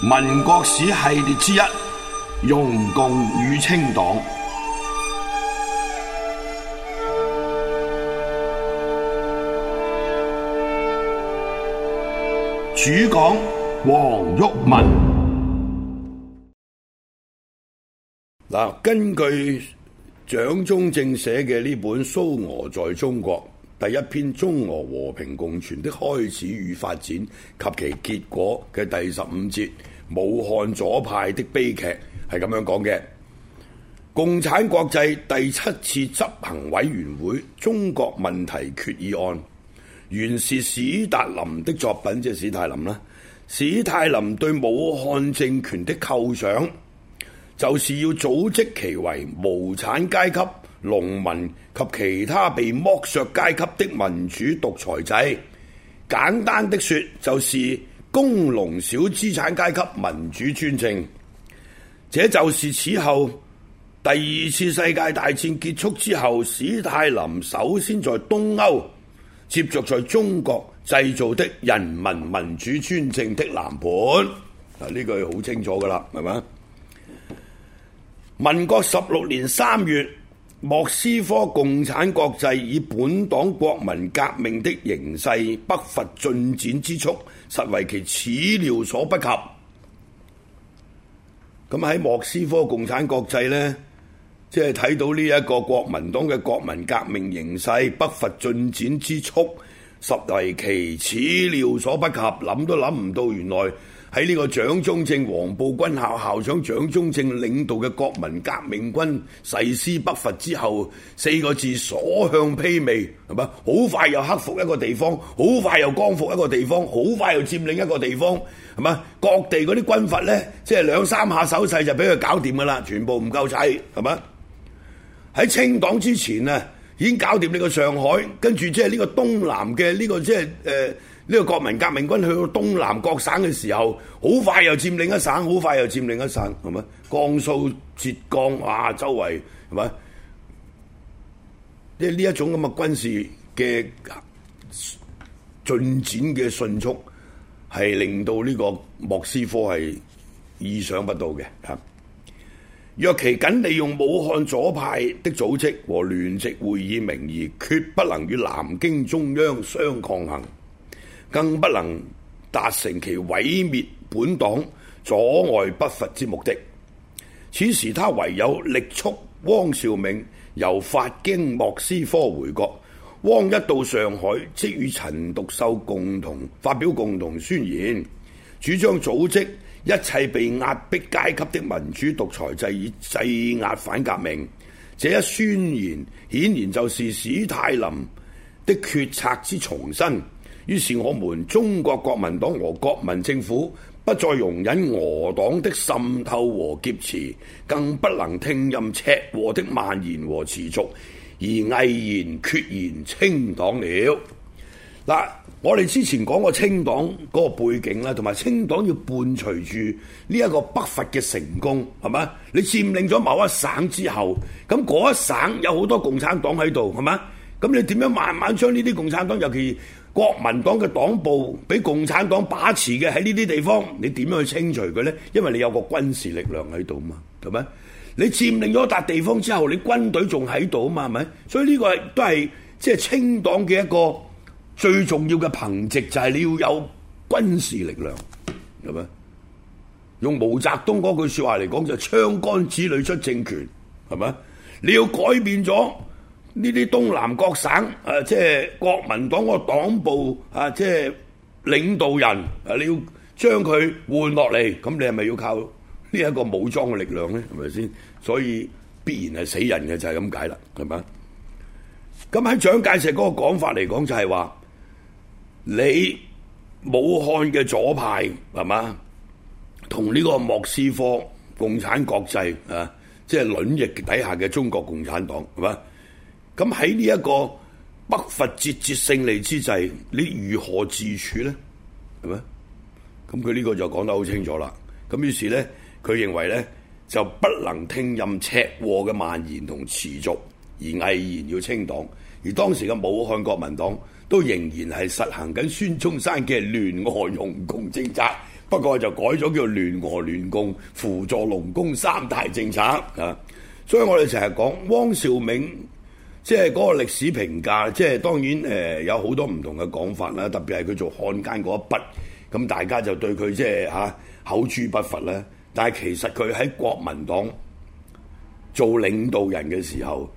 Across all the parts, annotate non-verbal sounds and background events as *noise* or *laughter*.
民國史系列之一：容共與清黨，主講黃毓民。嗱、啊，根據蔣中正寫嘅呢本《蘇俄在中國》。第一篇中俄和平共存的開始與發展及其結果嘅第十五節，武漢左派的悲劇，係咁樣講嘅。共產國際第七次執行委員會中國問題決議案，原是史達林的作品，即係就是，史泰林啦。史泰林對武漢政權的構想，就是要組織其為無產階級，農民及其他被剝削階級的民主獨裁制，簡單的說就是工農小資產階級民主專政。這就是此後第二次世界大戰結束之後，史泰林首先在東歐，接着在中國製造的人民民主專政的藍本。啊，呢句好清楚噶啦，係嘛？民國十六年三月。莫斯科共產國際以本黨國民革命的形勢，北伐進展之速，實為其始料所不及。咁喺莫斯科共產國際呢，即係睇到呢一個國民黨嘅國民革命形勢，北伐進展之速，實為其始料所不及，諗都諗唔到原來。喺呢個蔣中正、黃埔軍校校長蔣中正領導嘅國民革命軍誓師北伐之後，四個字所向披靡，係嘛？好快又克服一個地方，好快又光復一個地方，好快又佔領一個地方，係嘛？各地嗰啲軍閥呢，即係兩三下手勢就俾佢搞掂噶啦，全部唔夠使，係嘛？喺清黨之前啊，已經搞掂呢個上海，跟住即係呢個東南嘅呢個即係誒。呃呢個國民革命軍去到東南各省嘅時候，好快又佔領一省，好快又佔領一省，係咪？江蘇、浙江，哇、啊，周圍係咪？即係呢一種咁嘅軍事嘅進展嘅迅速，係令到呢個莫斯科係意想不到嘅。哈！若其僅利用武漢左派的組織和聯席會議名義，決不能與南京中央相抗衡。更不能達成其毀滅本黨、阻礙不伐之目的。此時，他唯有力促汪兆銘由法經莫斯科回國。汪一到上海，即與陳獨秀共同發表共同宣言，主張組織一切被壓迫階級的民主獨裁制以制壓反革命。這一宣言顯然就是史泰林的決策之重申。於是我們中國國民黨和國民政府不再容忍俄黨的滲透和劫持，更不能聽任赤禍的蔓延和持續，而毅然決然清黨了。嗱，我哋之前講過清黨嗰個背景啦，同埋清黨要伴隨住呢一個北伐嘅成功，係咪？你佔領咗某一省之後，咁嗰一省有好多共產黨喺度，係咪？咁你點樣慢慢將呢啲共產黨，尤其？國民黨嘅黨部俾共產黨把持嘅喺呢啲地方，你點樣去清除佢呢？因為你有個軍事力量喺度嘛，係咪？你佔領咗一笪地方之後，你軍隊仲喺度啊嘛，係咪？所以呢個都係即係清黨嘅一個最重要嘅憑藉，就係你要有軍事力量，係咪？用毛澤東嗰句説話嚟講，就係槍桿子裏出政權，係咪？你要改變咗。呢啲東南各省啊，即係國民黨嗰個黨部啊，即係領導人啊，你要將佢換落嚟，咁你係咪要靠呢一個武裝嘅力量咧？係咪先？所以必然係死人嘅，就係咁解啦，係嘛？咁喺蔣介石嗰個講法嚟講，就係話你武漢嘅左派係嘛，同呢個莫斯科共產國際啊，即係卵翼底下嘅中國共產黨係嘛？咁喺呢一個北伐節節勝利之際，你如何自處呢？係咪？咁佢呢個就講得好清楚啦。咁於是呢，佢認為呢就不能聽任赤禍嘅蔓延同持續，而毅然要清黨。而當時嘅武漢國民黨都仍然係實行緊孫中山嘅聯俄、聯共政策，不過就改咗叫聯俄、聯共、扶助農工三大政策啊。所以我哋成日講汪兆銘。即係嗰個歷史評價，即係當然誒、呃、有好多唔同嘅講法啦。特別係佢做漢奸嗰一筆，咁大家就對佢即係嚇、啊、口誅筆伐啦。但係其實佢喺國民黨做領導人嘅時候，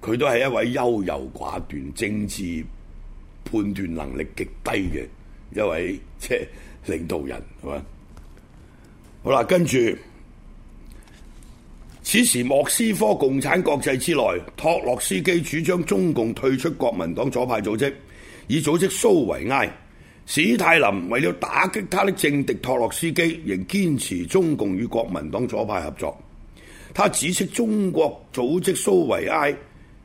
佢都係一位優柔寡斷、政治判斷能力極低嘅一位即係領導人，係嘛？好啦，跟住。此時，莫斯科共產國際之內，托洛斯基主張中共退出國民黨左派組織，以組織蘇維埃。史泰林為了打擊他的政敵托洛斯基，仍堅持中共與國民黨左派合作。他指出中國組織蘇維埃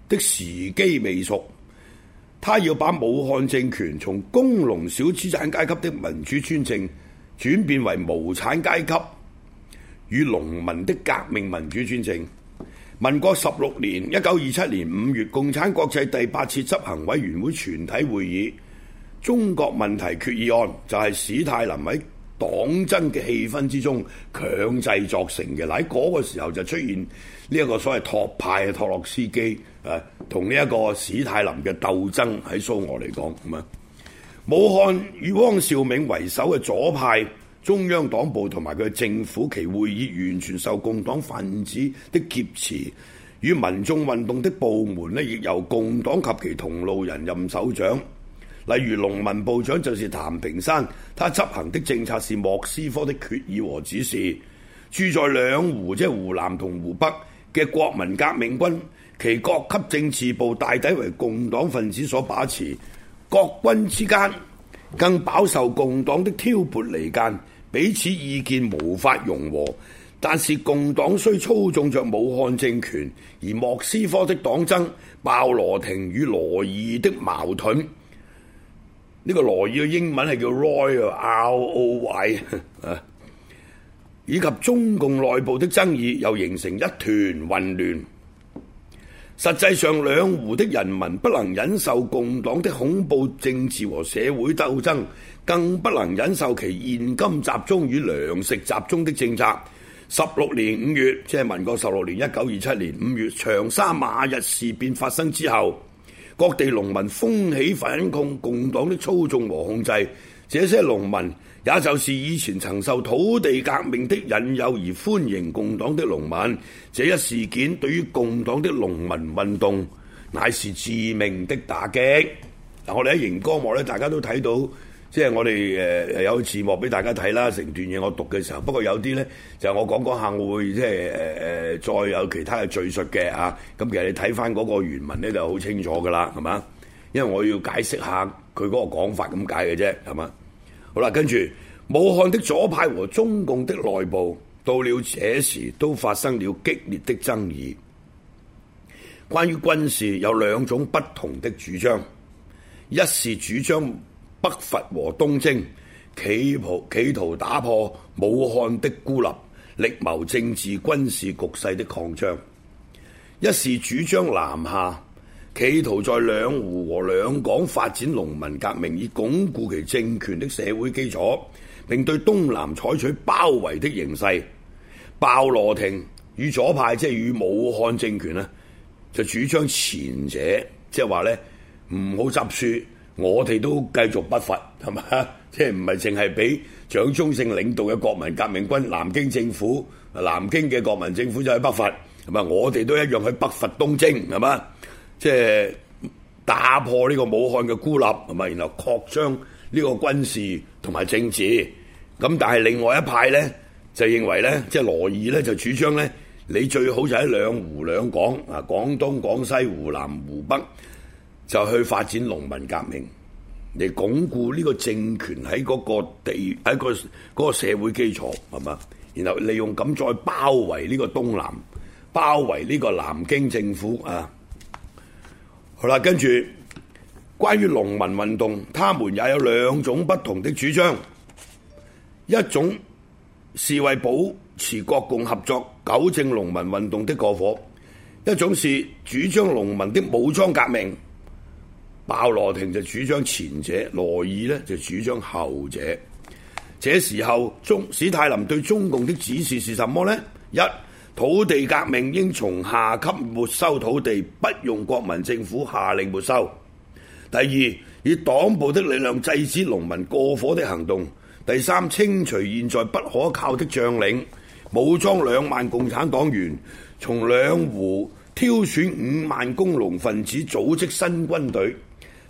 的時機未熟，他要把武漢政權從工農小資產階級的民主專政轉變為無產階級與農民的革命民主專政。民國十六年，一九二七年五月，共產國際第八次執行委員會全體會議，中國問題決議案就係史泰林喺黨爭嘅氣氛之中強制作成嘅。喺嗰個時候就出現呢一個所謂托派嘅托洛斯基，誒同呢一個史泰林嘅鬥爭喺蘇俄嚟講咁啊。武漢與汪兆銘為首嘅左派。中央黨部同埋佢政府其會議完全受共黨分子的劫持，與民眾運動的部門呢，亦由共黨及其同路人任首長，例如農民部長就是譚平山，他執行的政策是莫斯科的決議和指示，駐在兩湖即係湖南同湖北嘅國民革命軍，其各級政治部大抵為共黨分子所把持，各軍之間更飽受共黨的挑撥離間。彼此意見無法融合，但是共黨雖操縱着武漢政權，而莫斯科的黨爭、鮑羅廷與羅易的矛盾，呢、這個羅易嘅英文係叫 Roy R-O-Y 啊， *laughs* 以及中共內部的爭議，又形成一團混亂。實際上，兩湖的人民不能忍受共黨的恐怖政治和社會鬥爭。更不能忍受其現金集中與糧食集中的政策。十六年五月，即係民國十六年一九二七年五月，長沙馬日事變發生之後，各地農民蜂起反抗共黨的操縱和控制，這些農民，也就是以前曾受土地革命的引誘而歡迎共黨的農民。這一事件對於共黨的農民運動，乃是致命的打擊。我哋喺熒光幕呢，大家都睇到。即係我哋誒有字幕俾大家睇啦，成段嘢我讀嘅時候，不過有啲咧就是、我講講下，我會即係誒誒再有其他嘅敘述嘅嚇。咁、啊、其實你睇翻嗰個原文咧就好清楚噶啦，係嘛？因為我要解釋下佢嗰個講法咁解嘅啫，係嘛？好啦，跟住武漢的左派和中共的內部到了這時都發生了激烈的爭議，關於軍事有兩種不同的主張，一是主張。北伐和東征，企圖企圖打破武漢的孤立，力謀政治軍事局勢的擴張。一是主張南下，企圖在兩湖和兩廣發展農民革命，以鞏固其政權的社會基礎，並對東南採取包圍的形勢。鮑羅廷與左派即係與武漢政權咧，就主張前者，即係話呢：執「唔好執輸。我哋都繼續北伐，係嘛？即係唔係淨係俾蔣中正領導嘅國民革命軍、南京政府、南京嘅國民政府就喺北伐，係嘛？我哋都一樣喺北伐東征，係嘛？即係打破呢個武漢嘅孤立，係嘛？然後擴張呢個軍事同埋政治。咁但係另外一派呢，就認為呢，即係羅易呢，就主張呢，你最好就喺兩湖兩廣，啊，廣東、廣西、湖南、湖北。就去發展農民革命，嚟鞏固呢個政權喺嗰個地喺個嗰個社會基礎，係嘛？然後利用咁再包圍呢個東南，包圍呢個南京政府啊。好啦，跟住關於農民運動，他們也有兩種不同的主張，一種是為保持國共合作，糾正農民運動的過火；一種是主張農民的武裝革命。鮑羅廷就主張前者，羅爾呢就主張後者。這時候，中史泰林對中共的指示是什麼呢？一、土地革命應從下級沒收土地，不用國民政府下令沒收。第二，以黨部的力量制止農民過火的行動。第三，清除現在不可靠的將領，武裝兩萬共產黨員，從兩湖挑選五萬工農分子，組織新軍隊。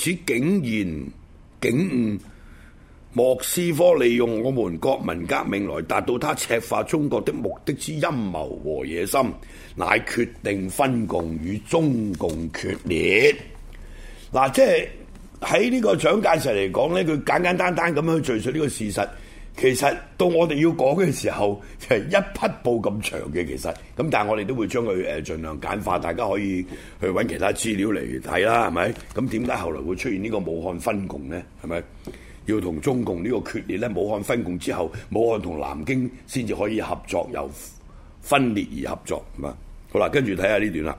此竟然，警悟莫斯科利用我們國民革命來達到他赤化中國的目的之陰謀和野心，乃決定分共與中共決裂。嗱、啊，即係喺呢個蔣介石嚟講咧，佢簡簡單單咁樣去敘述呢個事實。其實到我哋要講嘅時候，就係一匹布咁長嘅，其實咁，但係我哋都會將佢誒盡量簡化，大家可以去揾其他資料嚟睇啦，係咪？咁點解後來會出現呢個武漢分共呢？係咪要同中共呢個決裂咧？武漢分共之後，武漢同南京先至可以合作，由分裂而合作咁啊！好啦，跟住睇下呢段啦，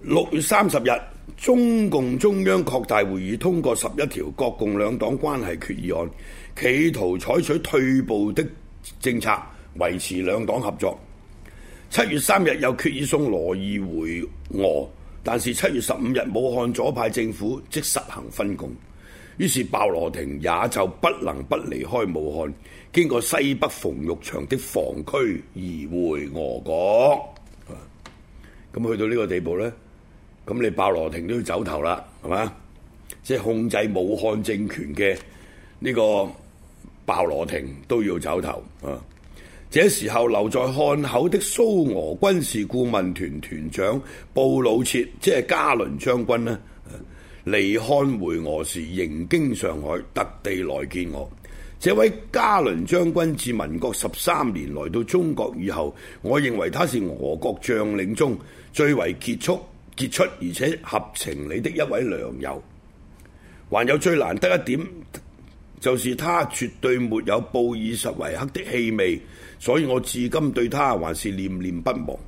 六月三十日。中共中央擴大會議通過十一條國共兩黨關係決議案，企圖採取退步的政策，維持兩黨合作。七月三日又決議送羅易回俄，但是七月十五日武漢左派政府即實行分共，於是鮑羅廷也就不能不離開武漢，經過西北馮玉祥的防區而回俄國。咁、嗯、去到呢個地步呢？咁你鮑羅廷都要走頭啦，係嘛？即係控制武漢政權嘅呢、這個鮑羅廷都要走頭啊！這時候留在漢口的蘇俄軍事顧問團團長布魯切，即係加倫將軍呢，離漢回俄時，行經上海，特地來見我。這位加倫將軍自民國十三年來到中國以後，我認為他是俄國將領中最為傑出。傑出而且合情理的一位良友，還有最難得一點，就是他絕對沒有布爾什維克的氣味，所以我至今對他還是念念不忘。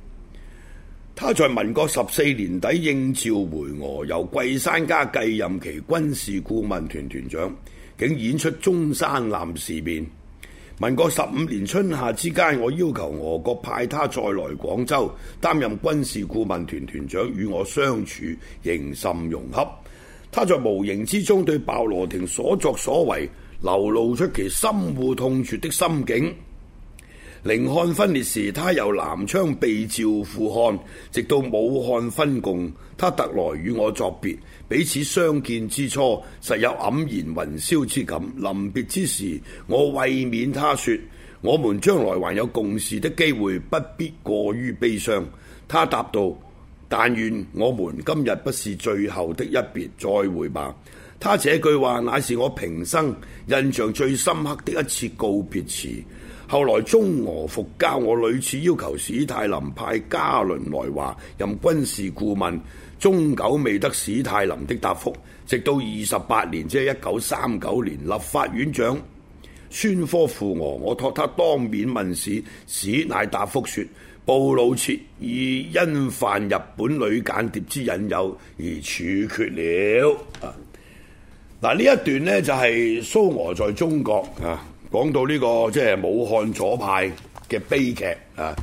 他在民國十四年底應召回俄，由季山嘉繼任其軍事顧問團團長，竟演出中山艦事變。民國十五年春夏之間，我要求俄國派他再來廣州擔任軍事顧問團團長，與我相處，形甚融洽。他在無形之中對鮑羅廷所作所為流露出其深惡痛絕的心境。凌漢分裂時，他由南昌被召赴漢，直到武漢分共，他特來與我作別。彼此相見之初，實有黯然雲霄之感。臨別之時，我慰勉他說，我們將來還有共事的機會，不必過於悲傷。他答道：但願我們今日不是最後的一別，再會吧。他這句話，乃是我平生印象最深刻的一次告別詞。後來中俄復交，我屢次要求史太林派加倫來華任軍事顧問，終久未得史太林的答覆。直到二十八年，即係一九三九年，立法院長孫科赴俄，我託他當面問史，史乃答覆說：布魯切已因犯日本女間諜之引誘而處決了。嗱、啊，呢一段呢就係、是、蘇俄在中國啊。講到呢個即係武漢左派嘅悲劇啊，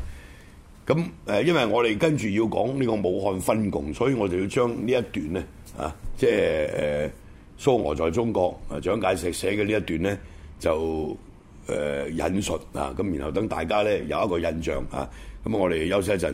咁誒，因為我哋跟住要講呢個武漢分共，所以我哋要將呢一段咧啊，即係誒、呃、蘇俄在中國啊，蔣介石寫嘅呢一段咧，就誒、呃、引述啊，咁然後等大家咧有一個印象啊，咁我哋休息一陣。